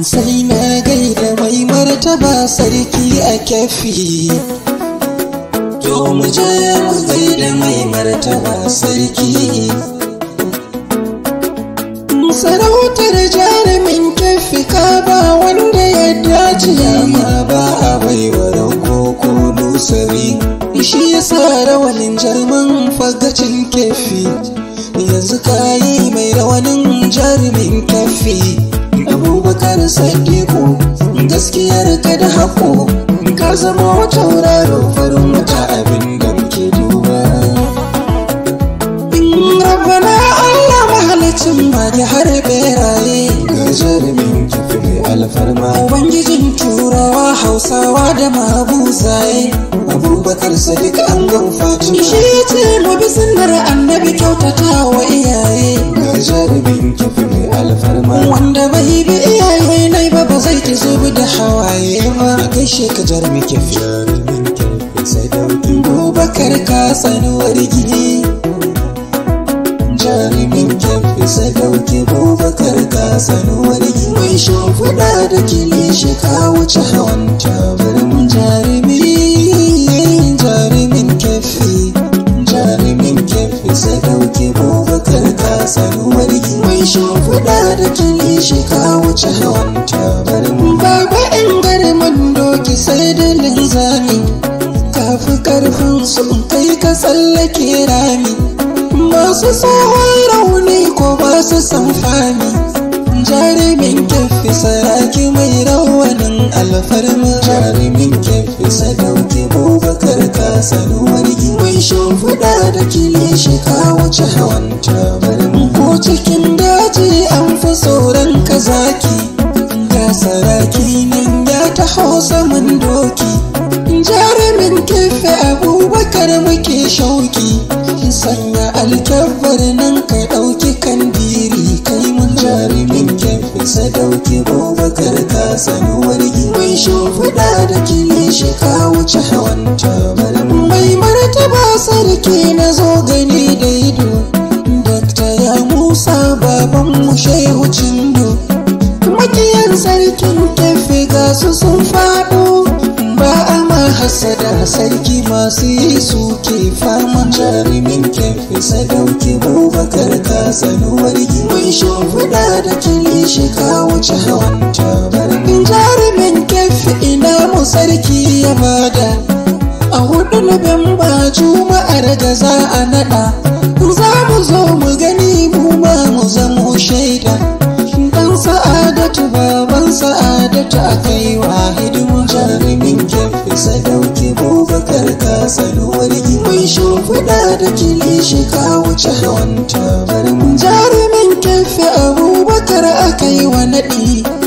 sai na gaida mai martaba sarki a kyafi To mu je mu gaida mai martaba sarki sarautar jarumin kyafi ka ba wanda ya dace ma ba a baiwa rago ko dusari shi ya sa rawanin jaruman fagacin kyafi yanzu ka yi mai rawanin jarumin kyafi da sadiku gaskiyar ka da hako ka zama tauraro farin wata abin da muke duba allah mahalicin ba da har beraye ga jarumin kifin alfarma ubangijin turawa hausawa da mabuzaye abubakar sadiq an Fatima. shi ce mu bi sunnar annabi kyautata wa iyaye ga jarumin kifin alfarma gaishe ka jarumi kefi Abubakar ka sanuwar wargi Jarumin kefi sadauki Abubakar ka sanuwar wargi Mai shimfiɗa da kilishi ka wuce hawan tabarin jarumi Jarumin kefi Jarumin kefi sadauki Abubakar ka sanuwar wargi Mai shimfiɗa da kilishi ka wuce hawan tabarin ki sai da linzami fi karfin su kai ka tsallake rami masu tsohon rauni ko ba su san fami jarumin kyafi saraki mai rawanin alfarma jarumin kyafi sadauki bubakar kasaruwar mai shimfiɗa da kilishi ka wuce hawan tabarin ko cikin daji an fi tsoron ka zaki ga saraki ne ta hausa mun doki jarumin kefe abubakar muke shauki sanya alkyabbar nan ka ɗauki kandiri kai mun jarumin kefe sadauki abubakar ka sanu wargi mai shimfiɗa da kilishi ka wuce hawanta mai martaba sarki na wasu sun faɗo ba a ma hasada sarki masu yi suke fama jarumin kefi sadauki bubakar ka sanuwar mun shimfiɗa da kiri shi ka wuce hawan tabarmin jarumin kefi ina mu sarki ya bada a hudu nobamba juma'ar da za a naɗa za mu zo mu gani mu ma mu zamo shaida da ta kai wa hidima. jarumin kyau sadauki bubakar ka sanuwar ki shimfiɗa da kilishi ka wuce hawanta barin jarumin kyau abubakar aka yi wa naɗi